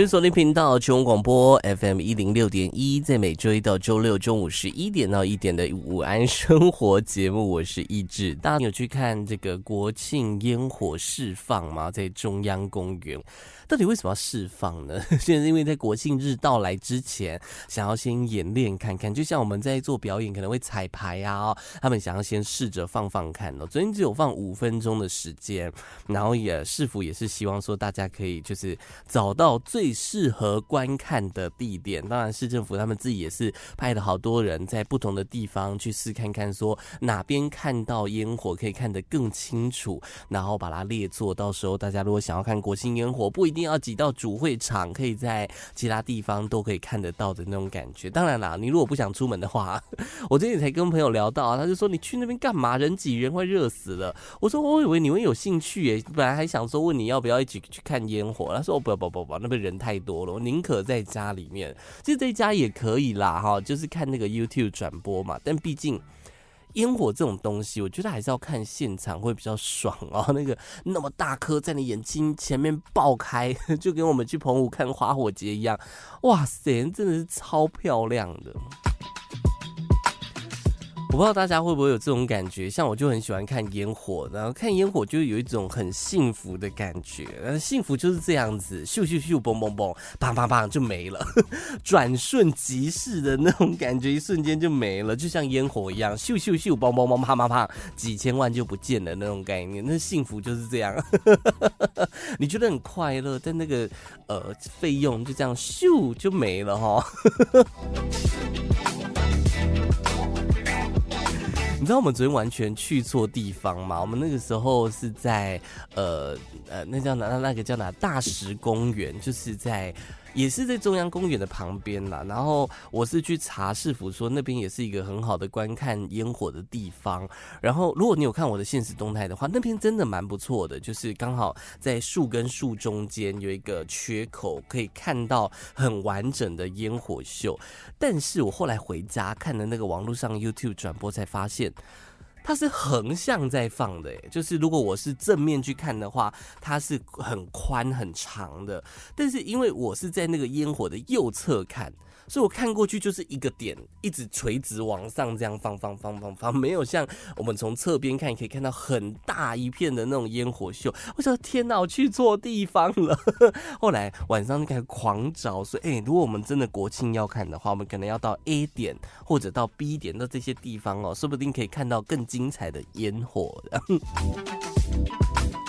是索尼頻道全文廣播 FM 一零六點一，在每周一到周六中午十一點到一點的午安生活節目，我是一志。大家有去看這個國慶煙火釋放嗎？在中央公園。到底為什麼要釋放呢？就 是因為在國慶日到來之前，想要先演練看看。就像我們在做表演，可能會彩排啊、哦。他們想要先試着放放看、哦。昨天只有放五分鐘的時間，然後也，市府也是希望說大家可以就是找到最適合觀看的地點。當然，市政府他們自己也是派了好多人在不同的地方去試看看，說哪邊看到煙火可以看得更清楚，然後把它列作。到時候大家如果想要看國慶煙火，不一定。要擠到主會場，可以在其他地方都可以看得到的那種感覺。當然啦，你如果不想出門的話，我最近才跟朋友聊到，他就說你去那邊幹嘛？人擠人，會熱死了。我說我以為你會有興趣耶，本來還想說問你要不要一起去看煙火。他說哦，不要，不不不，那邊人太多了，我寧可在家裡面，其實在家也可以啦，哈，就是看那個 YouTube 轉播嘛。但畢竟。煙火這種東西，我覺得還是要看現場會比較爽哦。那個那麼大顆在你眼睛前面爆開，就跟我們去澎湖看花火節一樣，哇塞，真的是超漂亮的。我不知道大家會不會有這種感覺？像我就很喜歡看煙火，然後看煙火就有一種很幸福的感覺。但幸福就是這樣子，咻咻咻，嘣嘣嘣，啪啪啪，就沒了，轉 瞬即逝的那種感覺，一瞬間就沒了，就像煙火一樣，咻咻咻，嘣嘣嘣，啪啪啪，幾千萬就不見了那種概念。那幸福就是這樣， 你覺得很快樂，但那個呃費用就這樣咻就沒了哈、哦。 你知道我們昨天完全去錯地方嗎？我們那個時候是在呃呃，那叫哪？那那個叫哪？大石公園，就是在。也是在中央公園的旁邊啦，然後我是去查市府說，那邊也是一個很好的觀看煙火的地方，然後如果你有看我的限時動態的話，那邊真的蠻不錯的，就是剛好在樹跟樹中間有一個缺口，可以看到很完整的煙火秀，但是我後來回家看了那個網絡上 YouTube 轉播才發現。它是橫向在放的，誒，就是如果我是正面去看的話，它是很寬很長的，但是因為我是在那個煙火的右側看。所以我看過去就是一個點，一直垂直往上這樣放放放放放，沒有像我們從側邊看，可以看到很大一片的那種煙火秀。我想說天哪，我去錯地方了。 後來晚上就開始狂找，說哎、欸，如果我們真的國慶要看的話，我們可能要到 A 點或者到 B 點到這些地方哦、喔，說不定可以看到更精彩的煙火。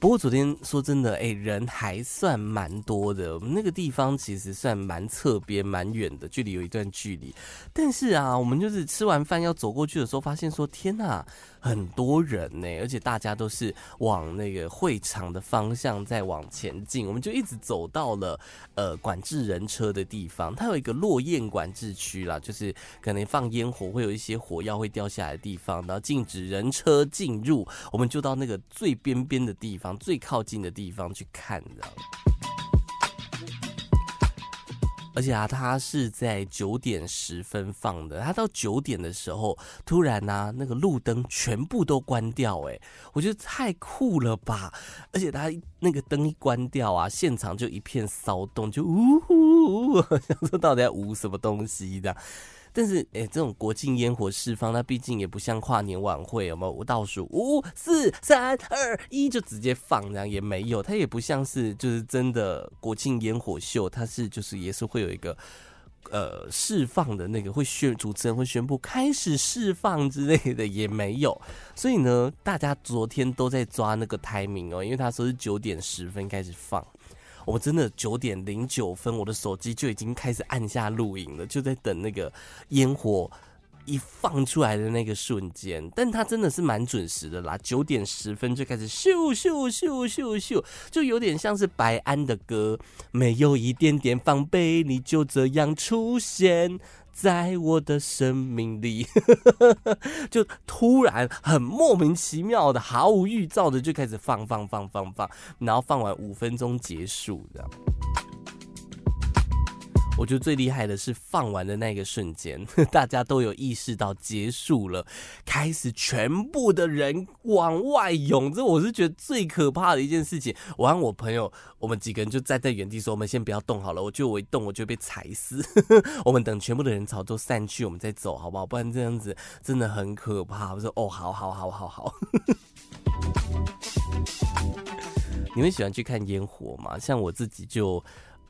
不過昨天說真的，哎，人還算蠻多的。我們那個地方其實算蠻側邊、蠻遠的，距離有一段距離。但是啊，我們就是吃完飯要走過去的時候，發現說，天哪！很多人呢、欸，而且大家都是往那個會場的方向再往前進，我們就一直走到了呃管制人車的地方。它有一個落雁管制區啦，就是可能放煙火會有一些火藥會掉下來的地方，然後禁止人車進入。我們就到那個最邊邊的地方，最靠近的地方去看了而且啊，他是在九點十分放的，他到九點的時候，突然呢、啊，那個路燈全部都關掉、欸，哎，我覺得太酷了吧！而且他那個燈一關掉啊，現場就一片騷動，就嗚嗚。嗚，想說到底要捂什麼東西的，但是哎、欸，這種國慶煙火釋放，它畢竟也不像跨年晚會，有有我們倒數五、四、三、二、一，就直接放，然後也沒有，它也不像是就是真的國慶煙火秀，它是就是也是會有一個呃釋放的那個會宣主持人會宣布開始釋放之類的也沒有，所以呢，大家昨天都在抓那個 timing 哦，因為他說是九點十分開始放。我、oh, 真的九點零九分，我的手機就已經開始按下錄影了，就在等那個煙火一放出來的那個瞬間。但它真的是蠻準時的啦，九點十分就開始咻咻咻咻咻，就有點像是白安的歌，沒有一點點防備，你就這樣出現，在我的生命裡，， 就突然很莫名其妙的、毫無預兆的就開始放放放放放，然後放完五分鐘結束這樣。我覺得最厲害的是放完的那個瞬間，大家都有意識到結束了，開始全部的人往外湧。這我是覺得最可怕的一件事情。我讓我朋友，我們幾個人就站在原地說：“我們先不要動好了，我覺得我一動我就被踩死。 我們等全部的人潮都散去，我們再走，好不好？不然這樣子真的很可怕。”我說：“哦，好好好好好。 ”你們喜歡去看煙火嗎？像我自己就。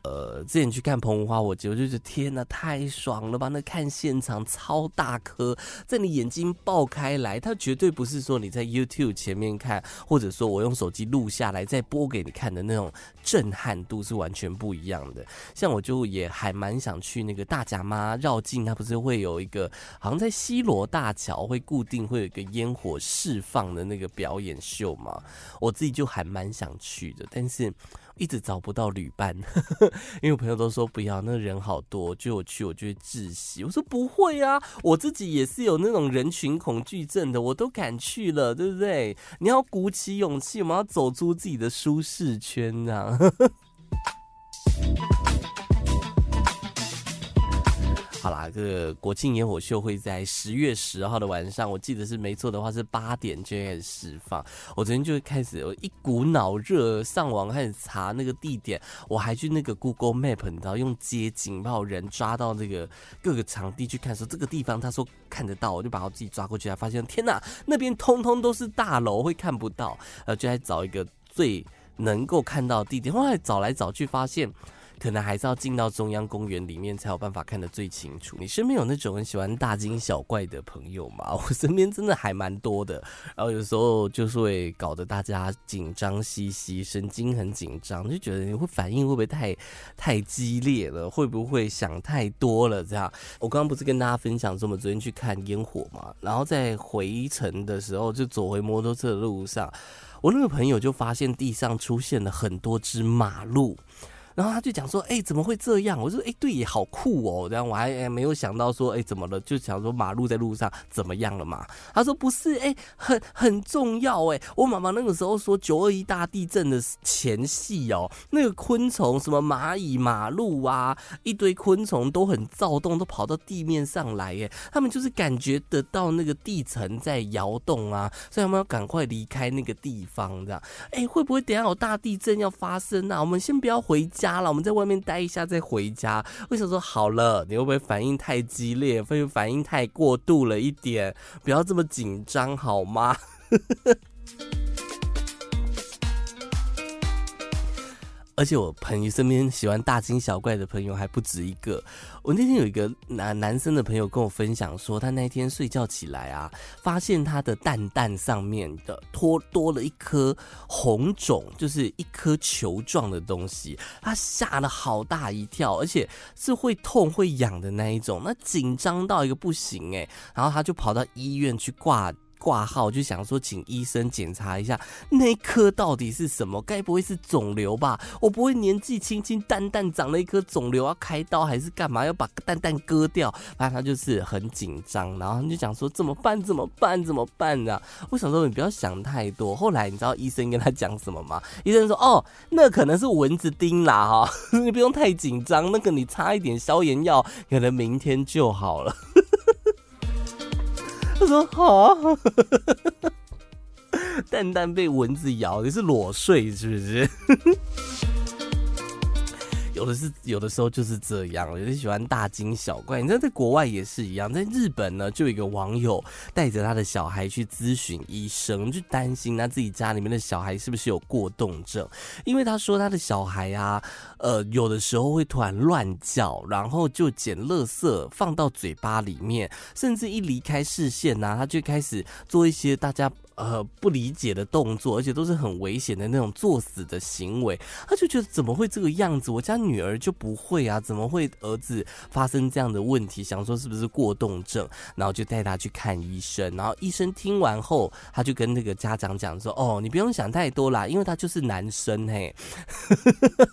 呃，之前去看澎湖花火節，我覺得就是天吶，太爽了吧！那看現場超大顆，在你眼睛爆開來，它絕對不是說你在 YouTube 前面看，或者說我用手機錄下來再播給你看的那種震撼度是完全不一樣的。像我就也還蠻想去那個大甲媽繞境，它不是會有一個，好像在西羅大橋會固定會有一個煙火釋放的那個表演秀嘛？我自己就還蠻想去的，但是。一直找不到旅伴，因為我朋友都說不要，那人好多，就我去我就會窒息。我說不會啊，我自己也是有那種人群恐懼症的，我都敢去了，對不對？你要鼓起勇氣，我們要走出自己的舒適圈啊。呵呵好啦，這個國慶煙火秀會在十月十號的晚上，我記得是沒錯的話是八點就開始釋放。我昨天就開始，我一股腦熱上網開始查那個地點，我還去那個 Google Map，你知道用街景把我人抓到那個各個場地去看，說這個地方他說看得到，我就把我自己抓過去，還發現天哪，那邊通通都是大樓，會看不到，呃，就來找一個最能夠看到的地點，後來找來找去發現。可能還是要進到中央公園裡面才有辦法看得最清楚。你身邊有那種很喜歡大驚小怪的朋友嗎？我身邊真的還蠻多的。然後有時候就是會搞得大家緊張兮兮，神經很緊張，就覺得你會反應會不會太太激烈了？會不會想太多了？這樣，我剛剛不是跟大家分享說我們昨天去看煙火嘛？然後在回程的時候就走回摩托車的路上，我那個朋友就發現地上出現了很多隻馬路。然後他就講說，哎、欸，怎麼會這樣？我說，哎、欸，對，好酷哦。然後我還沒有想到說，哎、欸，怎麼了？就想說，馬路在路上怎麼樣了嘛？他說不是，哎、欸，很很重要哎。我媽媽那個時候說，九二一大地震的前夕哦，那個昆蟲什麼螞蟻、馬路啊，一堆昆蟲都很躁動，都跑到地面上來耶，哎，他們就是感覺得到那個地層在搖動啊，所以他們要趕快離開那個地方，這樣，哎、欸，會不會等一下有大地震要發生啊？我們先不要回家。我們在外面待一下再回家。為什麼說好了？你會不會反應太激烈？會不會反應太過度了一點？不要這麼緊張，好嗎？ 而且我朋友身邊喜歡大驚小怪的朋友還不止一個。我那天有一個男男生的朋友跟我分享說，他那天睡覺起來啊，發現他的蛋蛋上面的脫多了一顆紅腫，就是一顆球狀的東西，他嚇了好大一跳，而且是會痛會癢的那一種，那緊張到一個不行誒、欸，然後他就跑到醫院去掛掛號就想說請醫生檢查一下那一顆到底是什麼？該不會是腫瘤吧？我不會年紀輕輕蛋蛋長了一顆腫瘤要開刀還是干嘛？要把蛋蛋割掉？反正他就是很緊張，然後他就講說怎麼辦？怎麼辦？怎麼辦啊？我想說：你不要想太多。後來你知道醫生跟他講什麼嗎？醫生說哦，那可能是蚊子叮啦哈、哦，你不用太緊張，那個你擦一點消炎藥，可能明天就好了。他說：“好啊，蛋蛋被蚊子咬，你是裸睡是不是？”呵呵。有的是，有的時候就是這樣，有的喜歡大驚小怪。你知道，在國外，也是一樣，在日本呢，就有一個網友帶着他的小孩去諮詢醫生，就擔心他自己家裡面的小孩是不是有過動症，因為他說他的小孩啊，呃，有的時候會突然亂叫，然後就撿垃圾放到嘴巴裡面，甚至一離開視線呢、啊，他就開始做一些大家。呃，不理解的動作，而且都是很危險的那種作死的行為，他就覺得怎麼會這個樣子？我家女兒就不會啊，怎麼會兒子發生這樣的問題？想說是不是過動症，然後就帶他去看醫生。然後醫生聽完後，他就跟那個家長講說：“哦，你不用想太多啦，因為他就是男生嘿、欸。 ”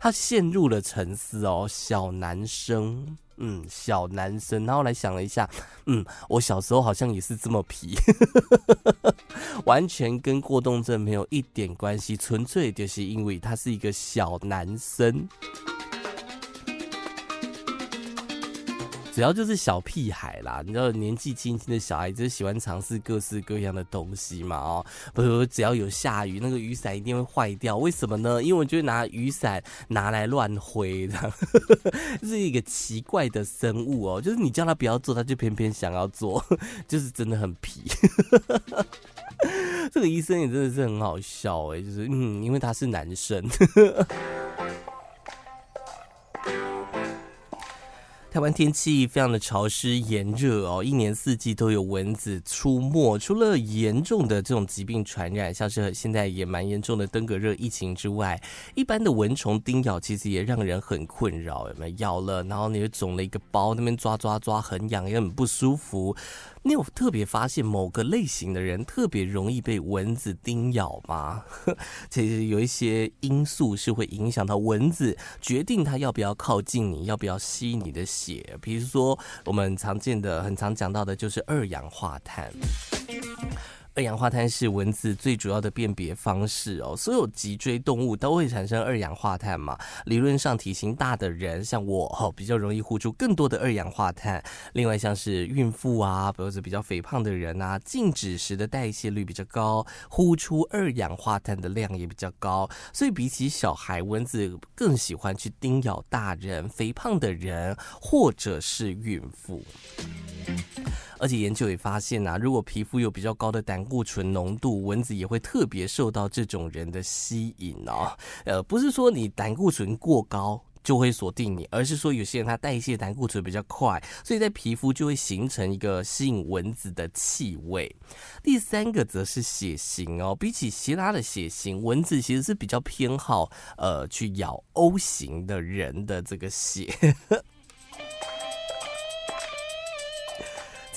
他陷入了沉思哦，小男生。嗯，小男生。然後來想了一下，嗯，我小時候好像也是這麼皮， 完全跟過動症沒有一點關係，純粹就是因為他是一個小男生。主要就是小屁孩啦，你知道年紀輕輕的小孩就喜歡嘗試各式各樣的東西嘛、喔？哦，不如只要有下雨，那個雨傘一定會壞掉。為什麼呢？因為我就會拿雨傘拿來亂揮，這 是一個奇怪的生物哦、喔。就是你叫他不要做，他就偏偏想要做，就是真的很皮。 這個醫生也真的是很好笑哎、欸，就是嗯，因為他是男生。 台灣天氣非常的潮濕炎熱哦，一年四季都有蚊子出沒。除了嚴重的這種疾病傳染，像是現在也蠻嚴重的登革熱疫情之外，一般的蚊蟲叮咬其實也讓人很困擾。有沒有咬了，然後你又腫了一個包，那邊抓抓抓很癢，很癢也很不舒服。你有特別發現某個類型的人特別容易被蚊子叮咬嗎？ 其實有一些因素是會影響到蚊子決定它要不要靠近你，要不要吸你的血。比如說，我們常見的、很常講到的就是二氧化碳。二氧化碳是蚊子最主要的辨別方式哦，所有脊椎動物都會產生二氧化碳嘛。理論上，體型大的人像我、哦，比較容易呼出更多的二氧化碳。另外，像是孕婦啊，比如說比較肥胖的人啊，靜止時的代謝率比較高，呼出二氧化碳的量也比較高。所以，比起小孩，蚊子更喜歡去叮咬大人、肥胖的人，或者是孕婦。而且研究也發現吶、啊，如果皮膚有比較高的膽固醇濃度，蚊子也會特別受到這種人的吸引哦。呃，不是說你膽固醇過高就會鎖定你，而是說有些人他代謝膽固醇比較快，所以在皮膚就會形成一個吸引蚊子的氣味。第三個則是血型哦，比起其他的血型，蚊子其實是比較偏好呃去咬 O 型的人的這個血。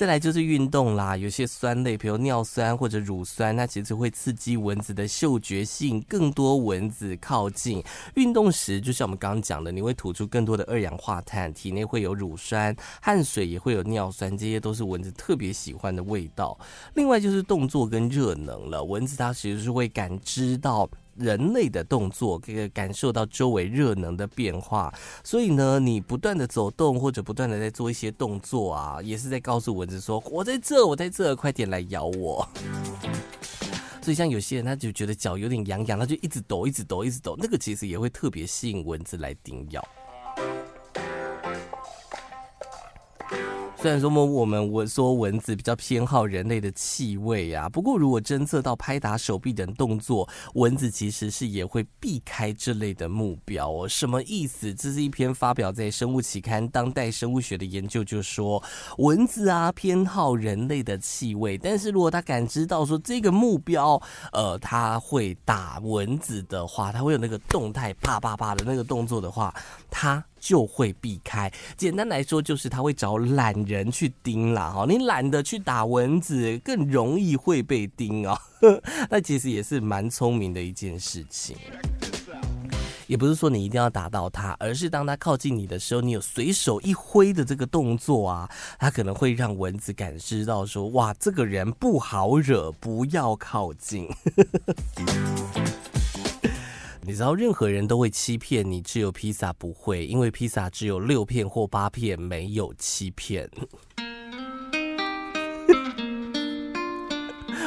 再來就是運動啦，有些酸類，比如尿酸或者乳酸，它其實會刺激蚊子的嗅覺，吸引更多蚊子靠近。運動時，就像我們剛剛講的，你會吐出更多的二氧化碳，體內會有乳酸，汗水也會有尿酸，這些都是蚊子特別喜歡的味道。另外就是動作跟熱能了，蚊子它其實是會感知到。人類的動作，可以感受到周圍熱能的變化，所以呢，你不斷的走動或者不斷的在做一些動作啊，也是在告訴蚊子說：“我在這，我在這，快點來咬我。”所以，像有些人他就覺得腳有點癢癢，他就一直，一直抖，一直抖，一直抖，那個其實也會特別吸引蚊子來叮咬。雖然說，我們我說蚊子比較偏好人類的氣味啊，不過如果偵測到拍打手臂等動作，蚊子其實是也會避開這類的目標哦。什麼意思？這是一篇發表在《生物期刊》《當代生物學》的研究，就說蚊子啊偏好人類的氣味，但是如果它感知到說這個目標，呃，它會打蚊子的話，它會有那個動態啪啪啪的那個動作的話，它，就會避開。簡單來說，就是他會找懶人去叮啦哈。你懶得去打蚊子，更容易會被叮哦。那其實也是蠻聰明的一件事情。也不是說你一定要打到他，而是當他靠近你的時候，你有隨手一揮的這個動作啊，他可能會讓蚊子感知到說：哇，這個人不好惹，不要靠近。呵呵你知道任何人都會欺騙你，只有披薩不會，因為披薩只有六片或八片、片，沒有七片。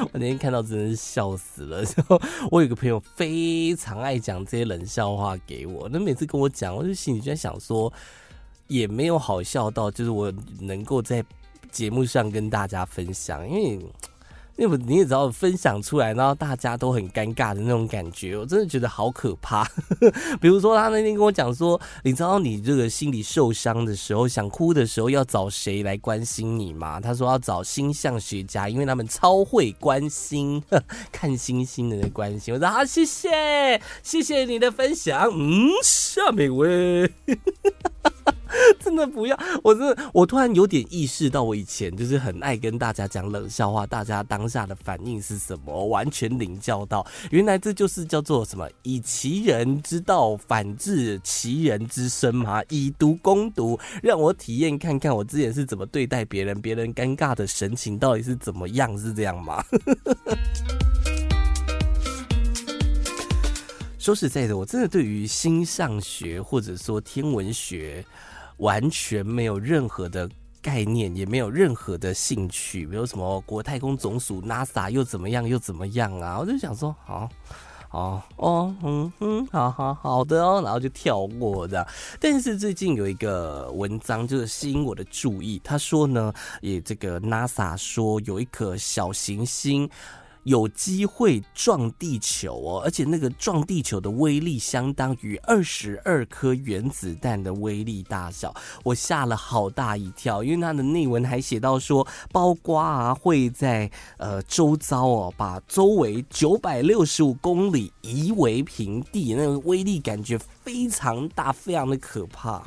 我那天看到真的是笑死了。然後我有個朋友非常愛講這些冷笑話給我，那每次跟我講，我就心裡就在想說，也沒有好笑到，就是我能夠在節目上跟大家分享，因為。因為你也知道，分享出來，然後大家都很尷尬的那種感覺，我真的覺得好可怕。 比如說，他那天跟我講說，你知道你這個心理受傷的時候，想哭的時候要找誰來關心你嗎？他說要找星象學家，因為他們超會關心，看星星人的關心。我說好、啊，謝謝，謝謝你的分享。嗯，下面餵。 真的不要，我真的，我突然有點意識到，我以前就是很愛跟大家講冷笑話，大家當下的反應是什麼？完全領教到，原來這就是叫做什麼“以其人之道反治其人之身”嘛，以毒攻毒，讓我體驗看看我之前是怎麼對待別人，別人尷尬的神情到底是怎麼樣？是這樣嗎？ 說實在的，我真的對於星象學或者說天文學。完全沒有任何的概念，也沒有任何的興趣，沒有什麼國太空總署 NASA 又怎麼樣又怎麼樣啊？我就想說，好，哦，哦，嗯嗯，好好好的哦，然後就跳過的，但是最近有一個文章就是吸引我的注意，他說呢，也這個 NASA 說有一顆小行星。有機會撞地球哦，而且那個撞地球的威力相當於二十二顆原子彈的威力大小，我嚇了好大一跳。因為它的內文還寫到說包括、啊，包瓜啊會在呃周遭，哦，把周圍九百六十五公里夷為平地，那個威力感覺非常大，非常的可怕。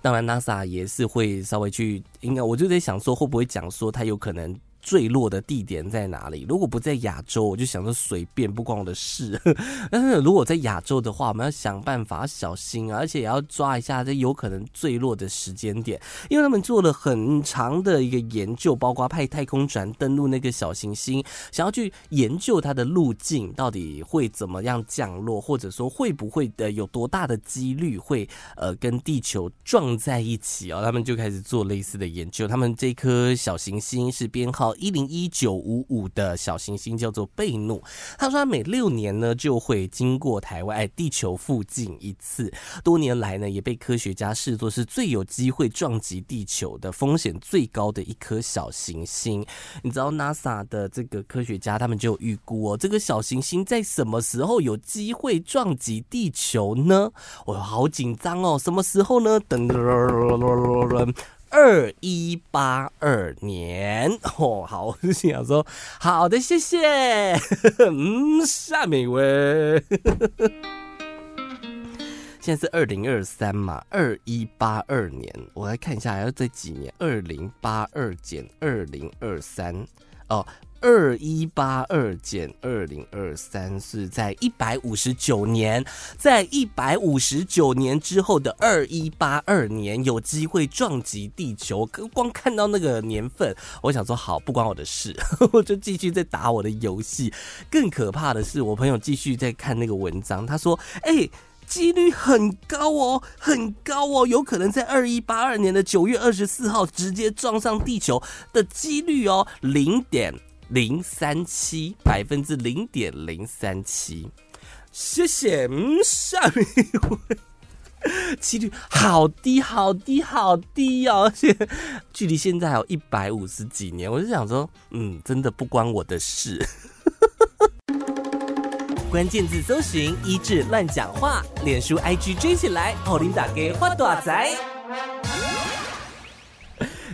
當然，NASA 也是會稍微去，應該我就在想說，會不會講說它有可能。墜落的地點在哪裡？如果不在亞洲，我就想着隨便，不關我的事。 但是如果在亞洲的話，我們要想辦法小心啊，而且也要抓一下這有可能墜落的時間點，因為他們做了很長的一個研究，包括派太空船登陸那個小行星，想要去研究它的路徑到底會怎麼樣降落，或者說會不會的有多大的幾率會呃跟地球撞在一起啊？他們就開始做類似的研究。他們這顆小行星是編號。一零一九五五的小行星叫做貝努，他說他每六年呢就會經過台灣，哎地球附近一次，多年來呢也被科學家視作是最有機會撞擊地球的風險最高的一顆小行星。你知道 NASA 的這個科學家他們就預估哦，這個小行星在什麼時候有機會撞擊地球呢？我、哦、好緊張哦，什麼時候呢？噔噔噔噔噔噔噔噔。二一八二年哦，好，我就心想說好的，謝謝。呵呵嗯，下面一位，現在是二零二三嘛，二一八二年，我來看一下還要這幾年，二零八二減二零二三哦。二一八二減二零二三是在一百五十九年，在一百五十九年之後的二一八二年，有機會撞擊地球。可光看到那個年份，我想說好，不關我的事， 我就繼續在打我的遊戲。更可怕的是，我朋友繼續在看那個文章，他說：“誒、欸，幾率很高哦，很高哦，有可能在二一八二年的九月二十四號直接撞上地球的幾率哦，零點。”零三七百分之零點零三七，謝謝。嗯，下面幾率好低，好低，好低哦！而且距離現在還有一百五十幾年，我就想說，嗯，真的不關我的事。關鍵字搜尋：1誌亂講話，臉書 IG 追起來，歐琳打給花大仔。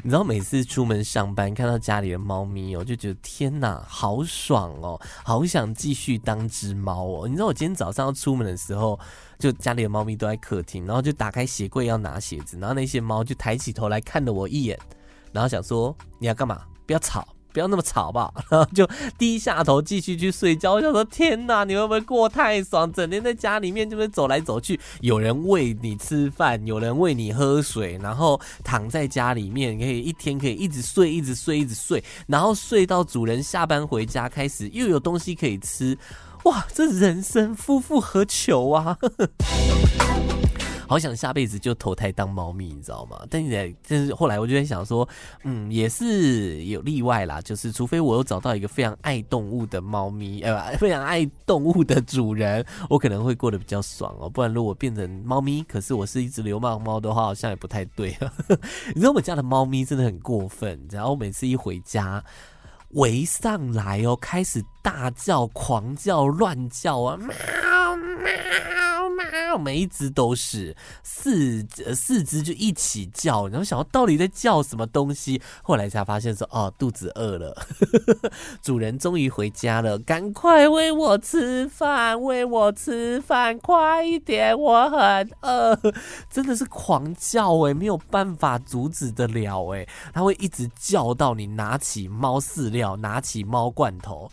你知道每次出門上班看到家裡的貓咪哦，我就覺得天哪，好爽哦，好想繼續當隻貓哦。你知道我今天早上要出門的時候，就家裡的貓咪都在客廳，然後就打開鞋櫃要拿鞋子，然後那些貓就抬起頭來看了我一眼，然後想說你要幹嘛？不要吵。不要那麼吵好不好，吧，然後就低下頭繼續去睡覺。我想說：“天哪，你會不會過太爽？整天在家裡面就是走來走去，有人餵你吃飯，有人餵你喝水，然後躺在家裡面可以一天可以一直睡，一直睡，一直睡，一直睡，然後睡到主人下班回家，開始又有東西可以吃。哇，這人生夫復何求啊！” 好想下輩子就投胎當貓咪，你知道嗎？但是後來我就在想說，嗯，也是有例外啦，就是除非我又找到一個非常愛動物的貓咪，呃，非常愛動物的主人，我可能會過得比較爽哦、喔。不然如果變成貓咪，可是我是一隻流浪貓的話，好像也不太對。 你知道我們家的貓咪真的很過分，然後每次一回家圍上來哦、喔，開始大叫、狂叫、亂叫啊，喵喵。每一隻都是四四隻就一起叫，然後想到到底在叫什麼東西，後來才發現說哦、啊，肚子餓了。 主人終於回家了，趕快餵我吃飯，餵我吃飯，快一點，我很餓，真的是狂叫哎、欸，沒有辦法阻止得了哎、欸，他會一直叫到你拿起貓飼料，拿起貓罐頭。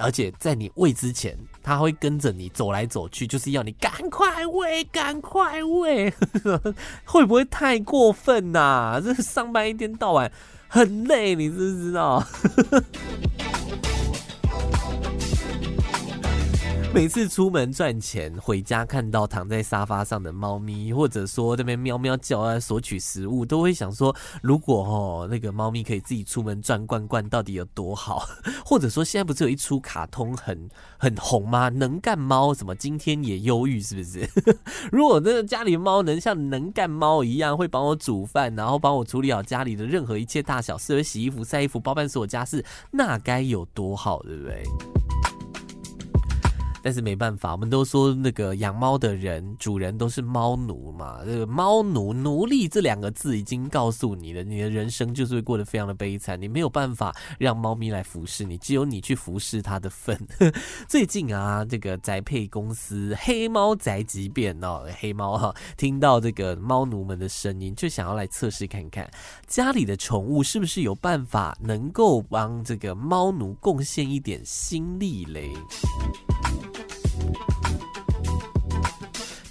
而且在你餵之前，他會跟着你走來走去，就是要你趕快餵，趕快餵， 會不會太過分吶、啊？這上班一天到晚很累，你知不知道？ 每次出門賺錢回家，看到躺在沙發上的貓咪，或者說那邊喵喵叫啊，索取食物，都會想說：如果哦，那個貓咪可以自己出門賺罐罐，到底有多好？或者說，現在不是有一出卡通很很紅嗎？能幹貓什麼？今天也憂鬱，是不是？ 如果那個家裡貓能像能幹貓一樣，會幫我煮飯，然後幫我處理好家裡的任何一切大小事，會洗衣服、曬衣服、包辦所有家事，那該有多好，對不對？但是沒辦法，我們都說那個養貓的人，主人都是貓奴嘛。這個“貓奴”“奴隸”這兩個字已經告訴你了，你的人生就是會過得非常的悲慘。你沒有辦法讓貓咪來服侍你，只有你去服侍它的份。 最近啊，這個宅配公司黑貓宅急便哦，黑貓哈、哦，聽到這個貓奴們的聲音，就想要來測試看看家裡的寵物是不是有辦法能夠幫這個貓奴貢獻一點心力嘞。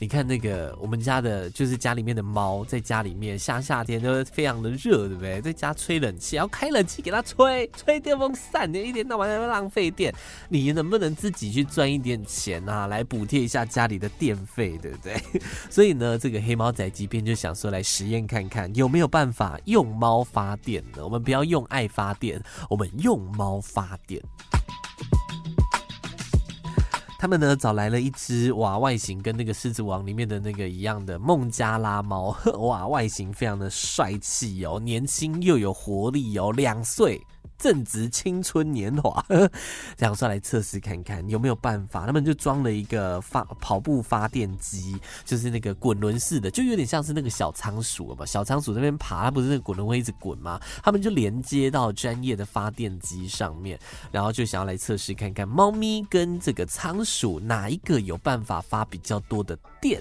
你看那個我們家的，就是家裡面的貓，在家裡面夏夏天都非常的熱，對不對？在家吹冷氣，然後開冷氣給它吹，吹電風扇，你一天到晚要浪費電。你能不能自己去賺一點錢啊，來補貼一下家裡的電費，對不對？所以呢，這個黑貓宅急便就想說，來實驗看看有沒有辦法用貓發電呢？我們不要用愛發電，我們用貓發電。他們呢，找來了一隻哇，外形，跟那個《獅子王》裡面的那個一樣的孟加拉貓，哇，外形非常的帥氣喲，年輕又有活力喲、哦，兩歲。正值青春年華，想說來測試看看有沒有辦法，他們就裝了一個發跑步發電機，就是那個滾輪式的，就有點像是那個小倉鼠了嘛，小倉鼠那邊爬，它不是那個滾輪會一直滾嗎？他們就連接到專業的發電機上面，然後就想要來測試看看貓咪跟這個倉鼠哪一個有辦法發比較多的電。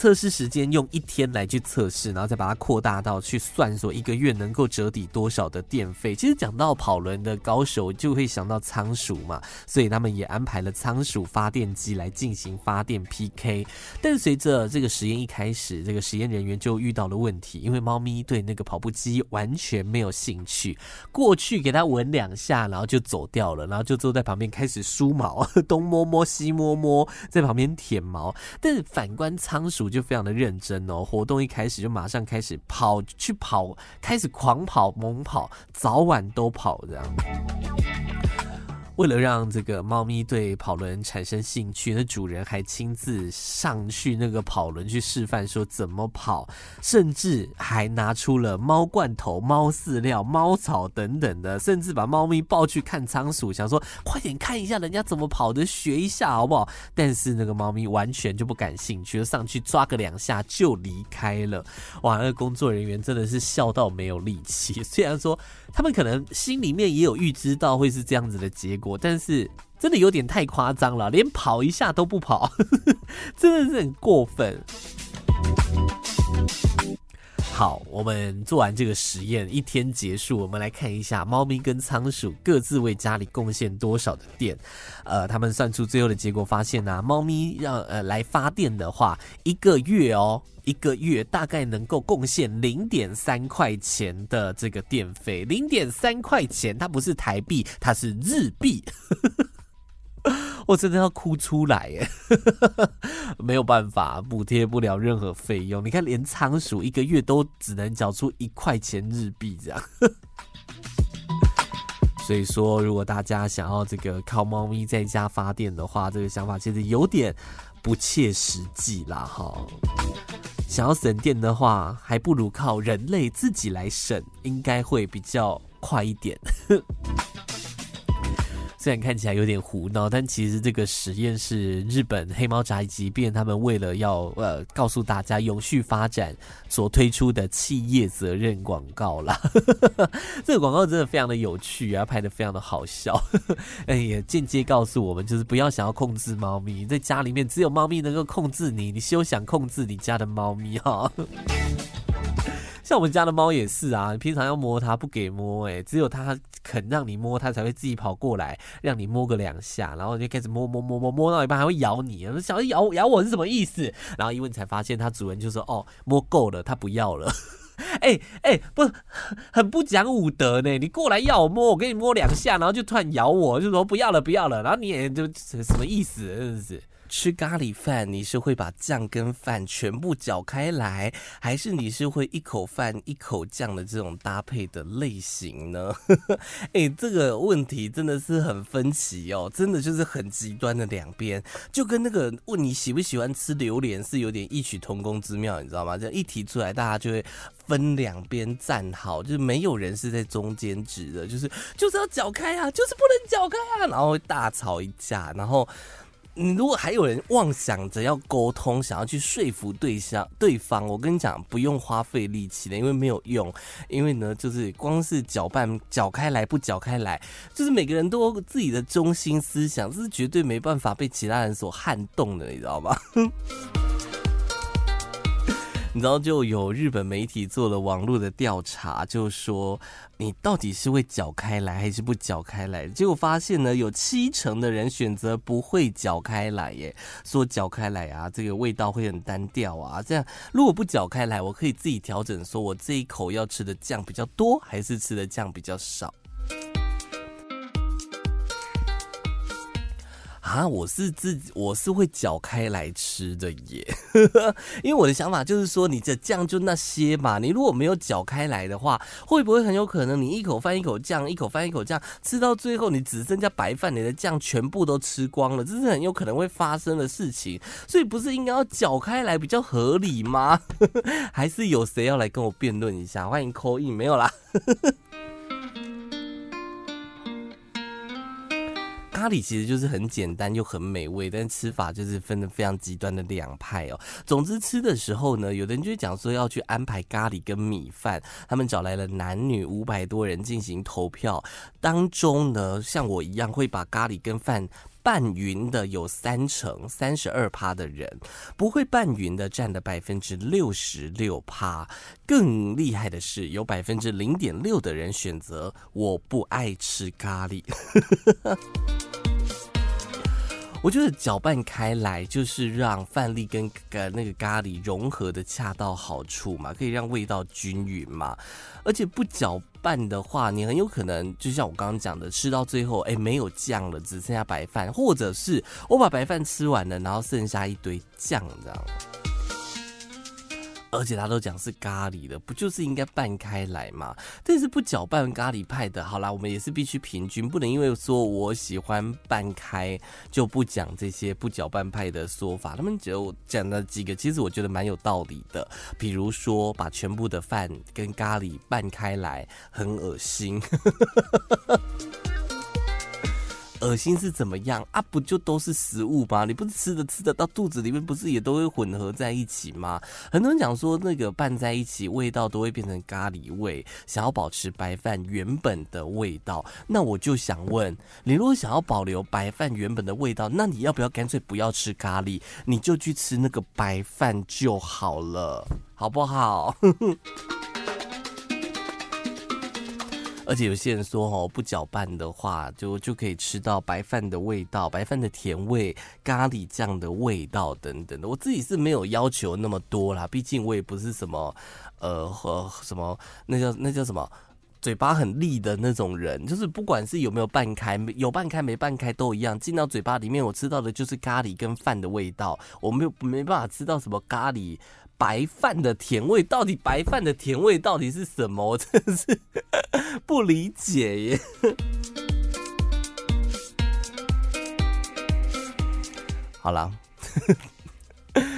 測試時間用一天來去測試，然後再把它擴大到去算說一個月能夠折抵多少的電費。其實講到跑輪的高手，就會想到倉鼠嘛，所以他們也安排了倉鼠發電機來進行發電 PK。但隨着這個實驗一開始，這個實驗人員就遇到了問題，因為貓咪對那個跑步機完全沒有興趣，過去給它聞兩下，然後就走掉了，然後就坐在旁邊開始梳毛，東摸摸西摸摸，在旁邊舔毛。但是反觀倉鼠。就非常的認真哦，活動一開始就馬上開始跑，去跑，開始狂跑、猛跑，早晚都跑這樣。為了讓這個貓咪對跑輪產生興趣，那主人還親自上去那個跑輪去示範，說怎麼跑，甚至還拿出了貓罐頭、貓飼料、貓草等等的，甚至把貓咪抱去看倉鼠，想說快點看一下人家怎麼跑的，學一下好不好？但是那個貓咪完全就不感興趣，就上去抓個兩下就離開了。哇，那個工作人員真的是笑到沒有力氣。雖然說，他們可能心裡面也有預知到會是這樣子的結果，但是真的有點太誇張了，連跑一下都不跑，呵呵，真的是很過分。好，我們做完這個實驗，一天結束，我們來看一下貓咪跟倉鼠各自為家裡貢獻多少的電。呃，他們算出最後的結果，發現呢、啊，貓咪要呃來發電的話，一個月哦，一個月大概能夠貢獻零點三塊錢的這個電費，零點三塊錢，它不是台幣，它是日幣。 我真的要哭出來耶！ 沒有辦法，補貼不了任何費用。你看，連倉鼠一個月都只能繳出一塊錢日幣這樣。 所以說，如果大家想要這個靠貓咪在家發電的話，這個想法其實有點不切實際啦哈。想要省電的話，還不如靠人類自己來省，應該會比較快一點。 雖然看起來有點胡鬧，但其實這個實驗是日本黑貓宅急便，他們為了要呃告訴大家永續發展所推出的企業責任廣告啦。 這個廣告真的非常的有趣啊，拍得非常的好笑。 哎呀，間接告訴我們就是不要想要控制貓咪，在家裡面只有貓咪能夠控制你，你休想控制你家的貓咪哈、哦。 像我們家的貓也是啊，你平常要摸它不給摸、欸，哎，只有它肯讓你摸，它才會自己跑過來讓你摸個兩下，然後就開始摸摸摸摸，摸到一半還會咬你，說小心咬咬我是什麼意思？然後一問才發現它主人就說哦，摸夠了，它不要了，哎 哎、欸欸，不很不講武德呢、欸，你過來要我摸，我給你摸兩下，然後就突然咬我，就說不要了不要了，然後你也就什麼意思，真的是。吃咖喱飯，你是會把醬跟飯全部攪開來，還是你是會一口飯一口醬的這種搭配的類型呢？誒、 欸，這個問題真的是很分歧哦，真的就是很極端的兩邊，就跟那個問你喜不喜歡吃榴蓮是有點異曲同工之妙，你知道嗎？這樣一提出來，大家就會分兩邊站好，就是沒有人是在中間指的，就是就是要攪開啊，就是不能攪開啊，然後會大吵一架，然後。如果還有人妄想着要溝通，想要去說服對象、對方，我跟你講，不用花費力氣的，因為沒有用。因為呢，就是光是攪拌、攪開來不攪開來，就是每個人都有自己的中心思想，這是絕對沒辦法被其他人所撼動的，你知道嗎？ 你知道就有日本媒體做了網絡的調查，就說你到底是會攪開來還是不攪開來？結果發現呢，有七成的人選擇不會攪開來，耶，說攪開來啊，這個味道會很單調啊。這樣如果不攪開來，我可以自己調整，說我這一口要吃的醬比較多，還是吃的醬比較少。啊，我是自己，我是會攪開來吃的耶， 因為我的想法就是說，你的醬就那些嘛，你如果沒有攪開來的話，會不會很有可能你一口飯一口醬，一口飯一口醬，吃到最後你只剩下白飯，你的醬全部都吃光了，這是很有可能會發生的事情，所以不是應該要攪開來比較合理嗎？ 還是有誰要來跟我辯論一下？歡迎叩應，沒有啦。 咖喱其實就是很簡單又很美味，但是吃法就是分得非常極端的兩派哦。總之吃的時候呢，有的人就講說要去安排咖喱跟米飯，他們找來了男女五百多人進行投票，當中呢像我一樣會把咖喱跟飯。拌勻的有三成三十二趴的人，不會拌勻的占了百分之六十六趴。更厲害的是，有百分之零點六的人選擇我不愛吃咖喱。 我覺得攪拌開來就是讓飯粒跟呃那個咖喱融合的恰到好處嘛，可以讓味道均勻嘛。而且不攪拌的話，你很有可能就像我剛剛講的，吃到最後，欸，沒有醬了，只剩下白飯，或者是我把白飯吃完了，然後剩下一堆醬這樣。而且他都講是咖喱的，不就是應該拌開來嘛？但是不攪拌咖喱派的好啦，我們也是必須平均，不能因為說我喜歡拌開就不講這些不攪拌派的說法。他們覺得我講的幾個，其實我覺得蠻有道理的，比如說把全部的飯跟咖喱拌開來，很惡心。 噁心是怎麼樣啊？不就都是食物嗎？你不是吃着吃着到肚子裡面，不是也都會混合在一起嗎？很多人講說那個拌在一起，味道都會變成咖喱味。想要保持白飯原本的味道，那我就想問你：如果想要保留白飯原本的味道，那你要不要乾脆不要吃咖喱，你就去吃那個白飯就好了，好不好？ 而且有些人說哦，不攪拌的話，就就可以吃到白飯的味道、白飯的甜味、咖喱醬的味道等等的。我自己是沒有要求那麼多啦，畢竟我也不是什麼，呃，和、呃、什麼那叫那叫什麼，嘴巴很利的那種人。就是不管是有沒有拌開，有拌開沒拌開都一樣，進到嘴巴裡面，我吃到的就是咖喱跟飯的味道，我沒有沒辦法吃到什麼咖喱。白飯的甜味到底？白飯的甜味到底是什麼？我真的是不理解耶。好啦。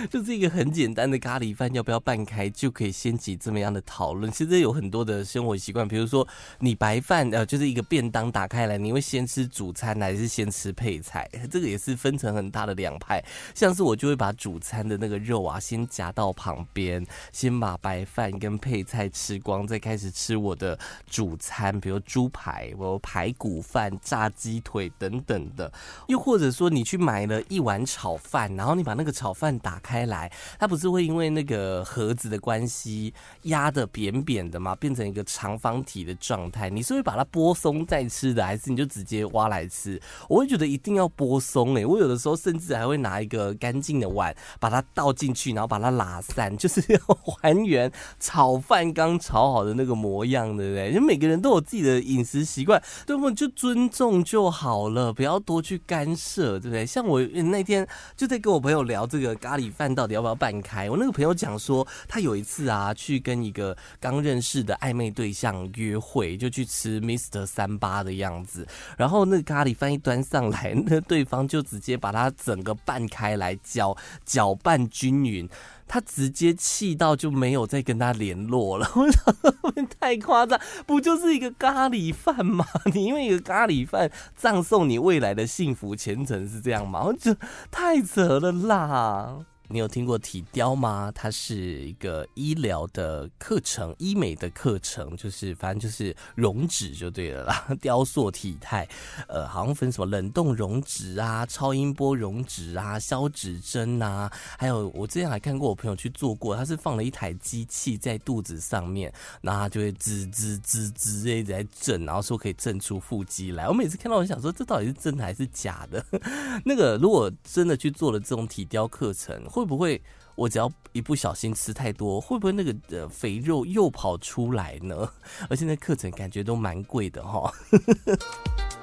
就是一個很簡單的咖喱飯，要不要拌開就可以掀起這麼樣的討論。其實有很多的生活習慣，比如說你白飯呃，就是一個便當打開來，你會先吃主餐還是先吃配菜？這個也是分成很大的兩派。像是我就會把主餐的那個肉啊先夾到旁邊，先把白飯跟配菜吃光，再開始吃我的主餐，比如豬排，我排骨飯、炸雞腿等等的。又或者說你去買了一碗炒飯，然後你把那個炒飯打。打開來，它不是會因為那個盒子的關係壓得扁扁的嘛，變成一個長方體的狀態。你是會把它剝鬆再吃的，還是你就直接挖來吃？我會覺得一定要剝鬆哎。我有的時候甚至還會拿一個乾淨的碗把它倒進去，然後把它拉散，就是要還原炒飯剛炒好的那個模樣，對不對？就每個人都有自己的飲食習慣，對不對？就尊重就好了，不要多去干涉，對不對？像我那天就在跟我朋友聊這個咖喱飯到底要不要拌開？我那個朋友講說，他有一次啊去跟一個剛認識的曖昧對象約會，就去吃 Mr 三八的樣子，然後那個咖喱飯一端上來，那對方就直接把它整個拌開來，攪攪拌均勻。他直接氣到就沒有再跟他聯絡了。我 說太誇張，不就是一個咖喱飯嗎？你因為一個咖喱飯葬送你未來的幸福前程是這樣嗎？我覺得太扯了啦。你有聽過體雕嗎？它是一個醫療的課程，醫美的課程，就是反正就是溶脂就對了啦。雕塑體態，呃，好像分什麼冷凍溶脂啊、超音波溶脂啊、消脂針啊，還有我之前還看過我朋友去做過，他是放了一台機器在肚子上面，然後它就會滋滋滋滋一直在震，然後說可以震出腹肌來。我每次看到我就想說，這到底是真的還是假的？ 那個如果真的去做了這種體雕課程會不會我只要一不小心吃太多，會不會那個的、呃、肥肉又跑出來呢？而現在課程感覺都蠻貴的哈。呵呵呵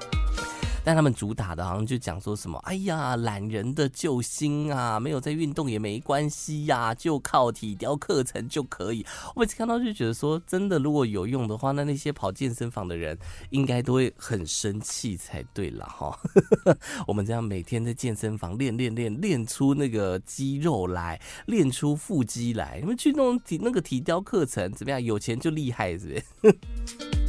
但他們主打的好像就講說什麼，哎呀，懶人的救星啊，沒有在運動也沒關係呀、啊，就靠體雕課程就可以。我每次看到就覺得說，真的如果有用的話，那那些跑健身房的人應該都會很生氣才對了哈。 我們這樣每天在健身房練練練練出那個肌肉來，練出腹肌來，你們去弄體那個體雕課程怎麼樣？有錢就厲害是不是？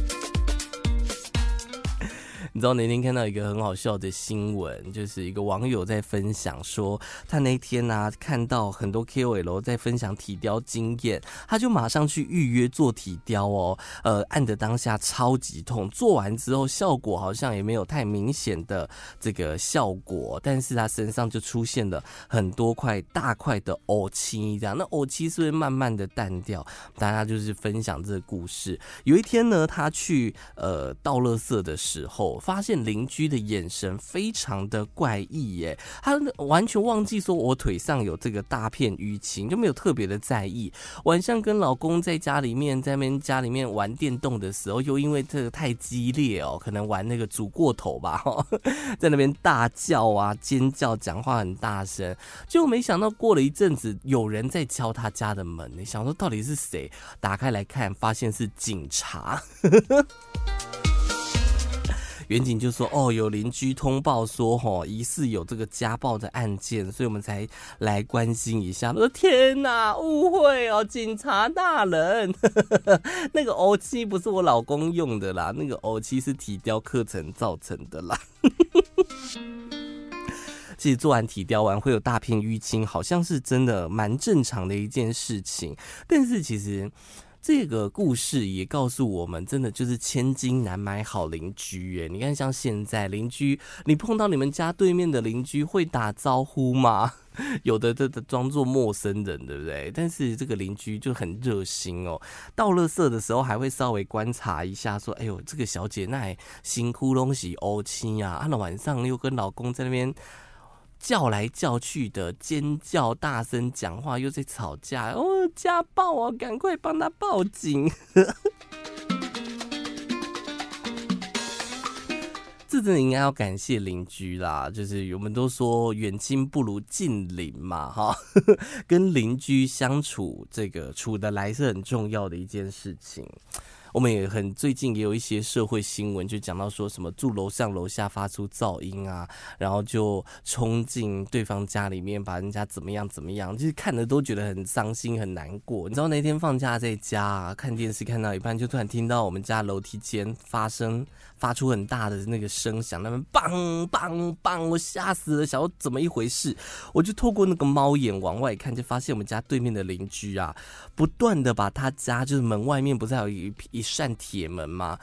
你知道那天看到一個很好笑的新聞，就是一個網友在分享說，他那天呢、啊、看到很多 KOL 在分享體雕經驗，他就馬上去預約做體雕哦。呃，按的當下超級痛，做完之後效果好像也沒有太明顯的這個效果，但是他身上就出現了很多塊大塊的瘀青，這樣那瘀青是不是慢慢的淡掉？大家就是分享這個故事。有一天呢，他去呃倒垃圾的時候。發現鄰居的眼神非常的怪異耶，他完全忘記說我腿上有這個大片淤青，就沒有特別的在意。晚上跟老公在家裡面在那邊家裡面玩電動的時候，又因為這個太激烈哦、喔，可能玩那個煮過頭吧，呵呵，在那邊大叫啊、尖叫、講話很大聲，就沒想到過了一陣子有人在敲他家的門，你想說到底是誰？打開來看，發現是警察。 員警就說：“哦，有鄰居通報說，哈、哦，疑似有這個家暴的案件，所以我們才來關心一下。”我說：“天哪，誤會哦，警察大人， 那個 O 七不是我老公用的啦，那個 O 七是體雕課程造成的啦。 其實做完體雕完會有大片淤青，好像是真的，蠻正常的一件事情，但是其實。”這個故事也告訴我們，真的就是千金難買好鄰居耶。耶，你看，像現在鄰居，你碰到你們家對面的鄰居，會打招呼嗎？ 有的都裝作陌生人，對不對？但是這個鄰居就很熱心哦，倒垃圾的時候還會稍微觀察一下，說：“哎呦，這個小姐那辛苦東西哦親呀、啊，啊、那晚上又跟老公在那邊。”叫來叫去的尖叫，大聲講話，又在吵架，哦，家暴啊、哦！趕快幫他報警！呵呵。 這真的應該要感謝鄰居啦，就是我們都說遠親不如近鄰嘛，哈、哦，跟鄰居相處，這個處得來是很重要的一件事情。我們也很最近也有一些社會新聞，就講到說什麼住樓上樓下發出噪音啊，然後就衝進對方家裡面，把人家怎麼樣怎麼樣，就是看著都覺得很傷心很難過。你知道那天放假在家，啊、看電視看到一半，就突然聽到我們家樓梯間發生發出很大的那個聲響，那麼梆梆梆，我嚇死了，想要怎麼一回事，我就透過那個貓眼往外看，就發現我們家對面的鄰居啊，不斷的把他家就是門外面不是有一一扇鐵門嘛，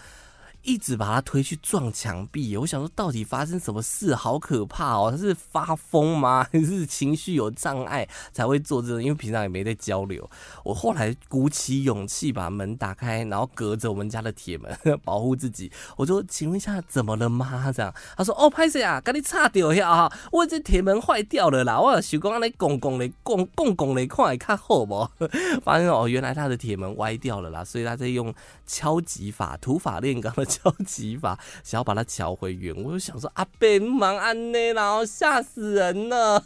一直把他推去撞牆壁。我想說，到底發生什麼事？好可怕哦！他是發瘋嗎？還是情緒有障礙才會做這種？因為平常也沒在交流。我後來鼓起勇氣把門打開，然後隔着我們家的鐵門呵呵保護自己。我說：“請問一下，怎麼了，嗎？”這樣他說：“哦，拍攝啊，趕緊擦掉些啊，我這鐵門壞掉了啦。我想剛才拱拱的、拱拱拱來看也看，好不？發現哦，原來他的鐵門歪掉了啦，所以他在用。”敲擊法，土法煉鋼的敲擊法，想要把它敲回原，我就想說阿伯忙啊，呢！」然後嚇死人了。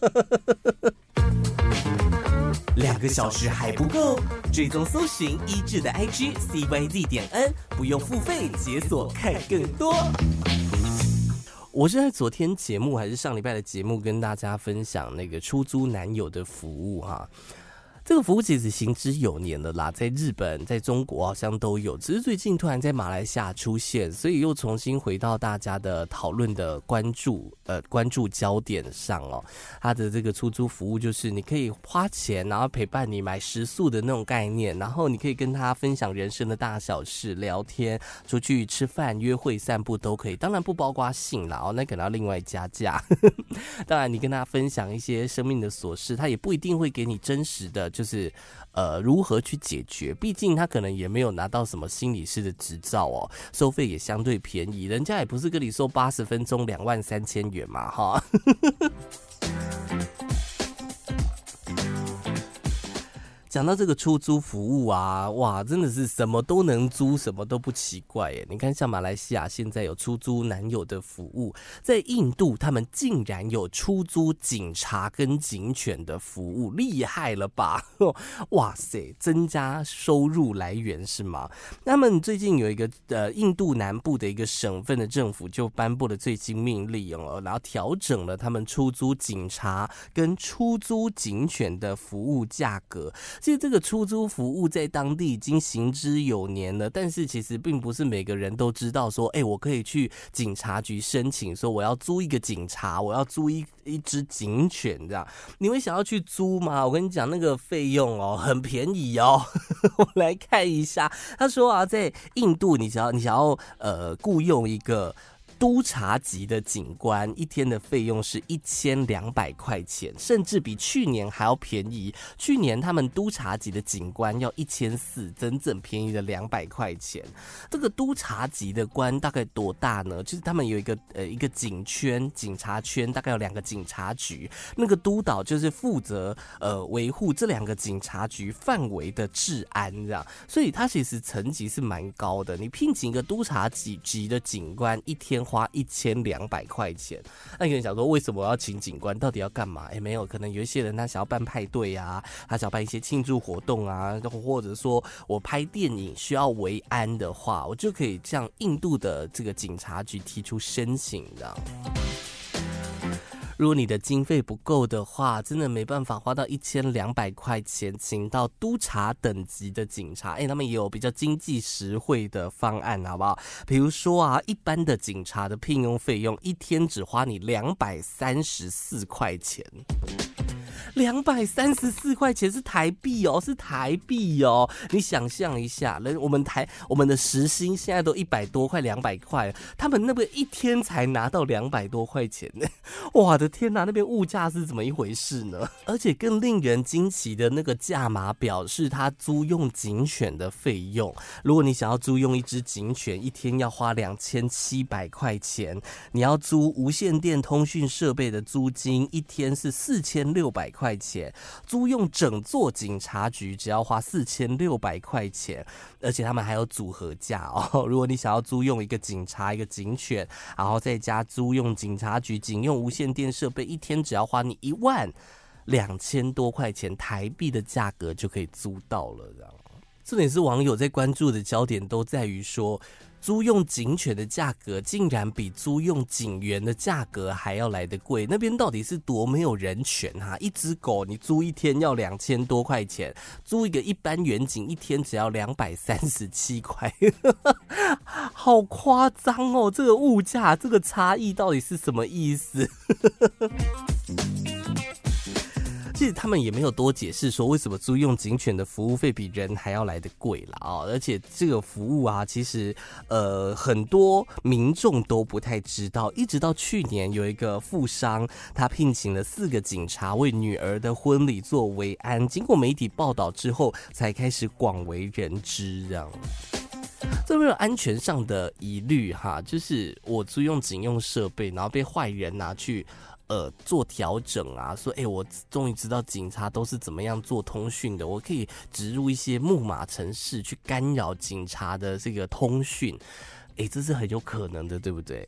兩 個小時還不夠，追蹤搜尋一誌的 IG CYZ 點 N，不用付費解鎖看更多。我是在昨天節目還是上禮拜的節目跟大家分享那個出租男友的服務哈。這個服務其實行之有年了啦，在日本、在中國好像都有。只是最近突然在馬來西亞出現，所以又重新回到大家的討論的關注，呃，關注焦點上哦。他的這個出租服務就是，你可以花錢，然後陪伴你買食宿的那種概念，然後你可以跟他分享人生的大小事，聊天、出去吃飯、約會、散步都可以。當然不包括性啦，哦，那可能要另外加價。呵呵，當然，你跟他分享一些生命的瑣事，他也不一定會給你真實的就是，呃，如何去解決？畢竟他可能也沒有拿到什麼心理師的執照哦，收費也相對便宜，人家也不是跟你收八十分鐘兩萬三千元嘛，哈。 講到這個出租服務啊，哇，真的是什麼都能租，什麼都不奇怪耶。你看，像馬來西亞現在有出租男友的服務，在印度，他們竟然有出租警察跟警犬的服務，厲害了吧？哇塞，增加收入來源是嗎？那麼最近有一個呃，印度南部的一個省份的政府就頒布了最新命令哦，然後調整了他們出租警察跟出租警犬的服務價格。其實這個出租服務在當地已經行之有年了，但是其實並不是每個人都知道說，哎，我可以去警察局申請說我要租一個警察，我要租一一只警犬這樣。你會想要去租嗎？我跟你講，那個費用哦，很便宜哦。 我來看一下，他說啊，在印度，你想要你想要呃雇用一個。督察級的警官一天的費用是一千兩百塊錢，甚至比去年還要便宜。去年他們督察級的警官要一千四，整整便宜了兩百塊錢。這個督察級的官大概多大呢？就是他們有一個呃一個警圈，警察圈大概有兩個警察局，那個督導就是負責呃維護這兩個警察局範圍的治安，這樣。所以他其實層級是蠻高的。你聘請一個督察級級的警官一天。花一千兩百塊錢，那有人想說，為什麼我要請警官？到底要幹嘛？也沒有，可能有一些人他想要辦派對啊，他想辦一些慶祝活動啊，或者說我拍電影需要維安的話，我就可以向印度的這個警察局提出申請的如果你的經費不夠的話，真的沒辦法花到一千兩百塊錢請到督察等級的警察。誒，他們也有比較經濟實惠的方案，好不好？比如說啊，一般的警察的聘用費用一天只花你兩百三十四塊錢。兩百三十四塊錢是台幣哦，是台幣哦、喔喔。你想象一下，人我們台我們的時薪現在都一百多塊，兩百塊，他們那邊一天才拿到兩百多塊錢呢、欸。哇的天哪、啊，那邊物價是怎麼一回事呢？而且更令人驚奇的那個價碼表是他租用警犬的費用。如果你想要租用一只警犬，一天要花兩千七百塊錢。你要租無線電通訊設備的租金，一天是四千六百塊。塊錢租用整座警察局只要花四千六百塊錢，而且他們還有組合價哦。如果你想要租用一個警察、一個警犬，然後再加租用警察局警用無線電設備，一天只要花你一萬兩千多塊錢台幣的價格就可以租到了。這樣，重點是網友在關注的焦點都在於說。租用警犬的價格竟然比租用警員的價格還要來得貴，那邊到底是多沒有人權哈、啊？一只狗你租一天要兩千多塊錢，租一個一般員警一天只要兩百三十七塊， 好誇張哦！這個物價這個差異到底是什麼意思？ 其實他們也沒有多解釋說為什麼租用警犬的服務費比人還要來得貴了啊！而且這個服務啊，其實呃很多民眾都不太知道，一直到去年有一個富商他聘請了四個警察為女兒的婚禮做維安，經過媒體報道之後才開始廣為人知。這樣，這有沒有安全上的疑慮哈？就是我租用警用設備，然後被壞人拿去？呃，做調整啊，說，哎、欸，我終於知道警察都是怎麼樣做通訊的，我可以植入一些木馬程式去干擾警察的這個通訊，哎、欸，這是很有可能的，對不對？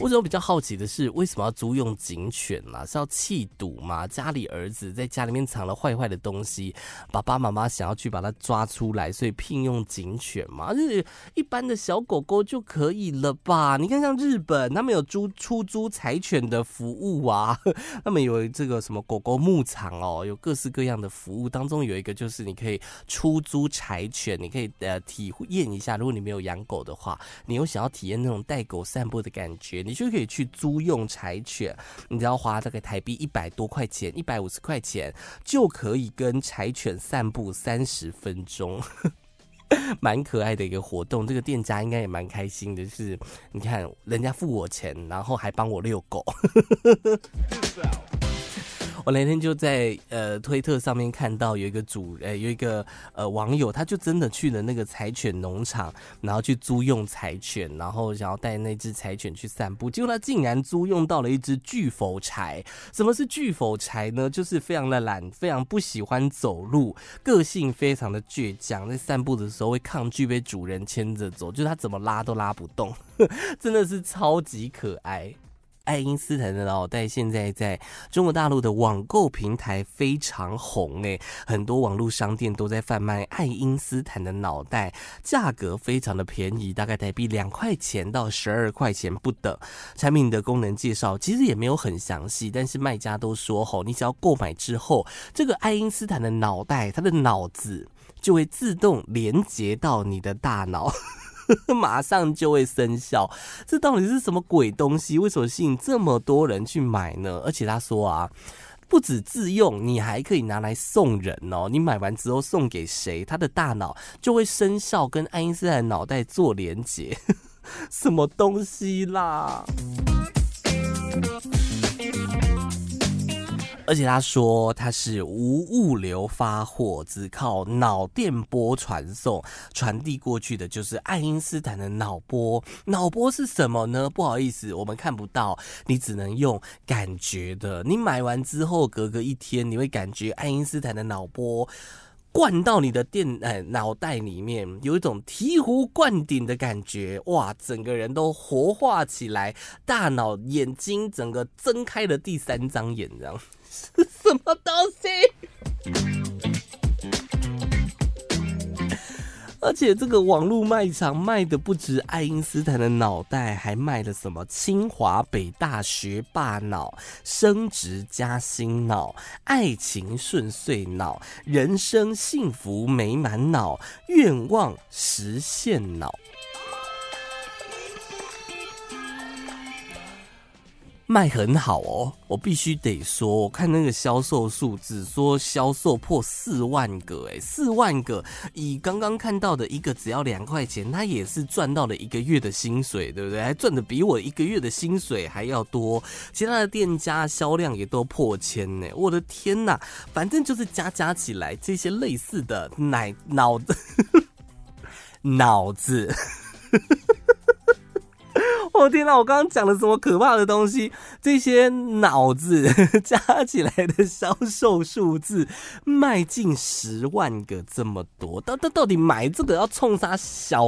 我覺得比較好奇的是，為什麼要租用警犬呢？啊？是要緝毒嗎？家裡兒子在家裡面藏了壞壞的東西，爸爸媽媽想要去把它抓出來，所以聘用警犬嘛？就是一般的小狗狗就可以了吧？你看像日本，他們有租出租柴犬的服務啊，他們有這個什麼狗狗牧場哦，有各式各樣的服務，當中有一個就是你可以出租柴犬，你可以呃體驗一下。如果你沒有養狗的話，你又想要體驗那種帶狗散步。的感覺，你就可以去租用柴犬，你只要花大概台幣一百多塊錢，一百五十塊錢就可以跟柴犬散步三十分鐘，蠻 可愛的一個活動。這個店家應該也蠻開心的，是，你看人家付我錢，然後還幫我遛狗。 我那天就在呃推特上面看到有一個主人，呃有一個呃網友，他就真的去了那個柴犬農場，然後去租用柴犬，然後想要帶那隻柴犬去散步，結果他竟然租用到了一隻拒否柴。什麼是拒否柴呢？就是非常的懶，非常不喜歡走路，個性非常的倔強，在散步的時候會抗拒被主人牽着走，就是他怎麼拉都拉不動，呵呵真的是超級可愛。愛因斯坦的腦袋現在在中國大陸的網購平台非常紅欸，很多網絡商店都在販賣愛因斯坦的腦袋，價格非常的便宜，大概台幣兩塊錢到十二塊錢不等。產品的功能介紹其實也沒有很詳細，但是賣家都說吼，你只要購買之後，這個愛因斯坦的腦袋，它的腦子就會自動連接到你的大腦。 馬上就會生效，這到底是什麼鬼東西？為什麼吸引這麼多人去買呢？而且他說啊，不止自用，你還可以拿來送人哦。你買完之後送給誰，他的大腦就會生效，跟愛因斯坦的腦袋做連接， 什麼東西啦？而且他說他是無物流發貨，只靠腦電波傳送傳遞過去的，就是愛因斯坦的腦波。腦波是什麼呢？不好意思，我們看不到，你只能用感覺的。你買完之後，隔、隔一天，你會感覺愛因斯坦的腦波灌到你的電呃腦袋裡面，有一種醍醐灌頂的感覺，哇，整個人都活化起來，大腦、眼睛整個睜開了第三張眼睛，這樣。 什麼東西？ 而且這個網絡賣場賣的不止愛因斯坦的腦袋，還賣了什麼？清華北大學霸腦、升職加薪腦、愛情順遂腦、人生幸福美滿腦、願望實現腦。賣很好哦，我必須得說，我看那個銷售數字，說銷售破四萬個，欸，誒四萬個，以剛剛看到的一個只要兩塊錢，他也是賺到了一個月的薪水，對不對？還賺的比我一個月的薪水還要多，其他的店家銷量也都破千呢，欸，我的天哪，啊，反正就是加加起來這些類似的奶腦子腦子。呵呵哦天啊、我天哪我剛剛講了什麼可怕的東西？這些腦子加起來的銷售數字，賣近十萬個這麼多，到到到底買這個要衝殺小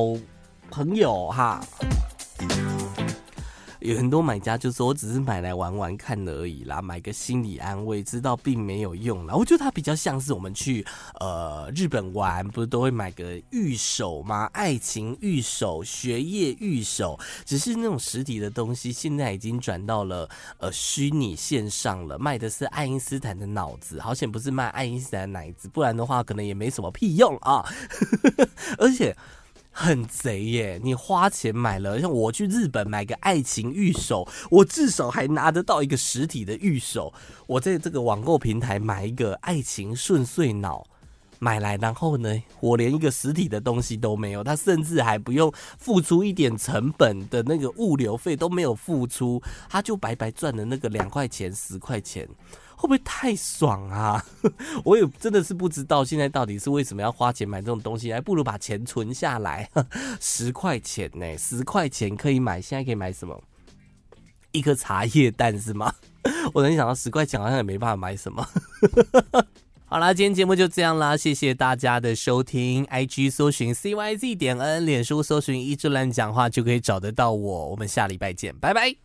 朋友哈？有很多買家就說，我只是買來玩玩看而已啦，買個心理安慰，知道並沒有用啦。我覺得它比較像是我們去呃日本玩，不是都會買個御守嗎？愛情御守、學業御守，只是那種實體的東西，現在已經轉到了呃虛擬線上了，賣的是愛因斯坦的腦子。好險不是賣愛因斯坦奶子，不然的話可能也沒什麼屁用啊。 而且。很賊耶！你花錢買了，像我去日本買個愛情御守，我至少還拿得到一個實體的御守。我在這個網購平台買一個愛因斯坦腦，買來然後呢，我連一個實體的東西都沒有，他甚至還不用付出一點成本的那個物流費都沒有付出，他就白白賺了那個兩塊錢十塊錢。會不會太爽啊？我也真的是不知道，現在到底是為什麼要花錢買這種東西？還不如把錢存下來。十塊錢呢、欸？十塊錢可以買現在可以買什麼？一顆茶葉蛋是嗎？我能想到十塊錢好像也沒辦法買什麼。 好啦，今天節目就這樣啦，謝謝大家的收聽。I G 搜尋 C Y Z 點 N，臉書搜尋1誌亂講話就可以找得到我。我們下禮拜見，拜拜。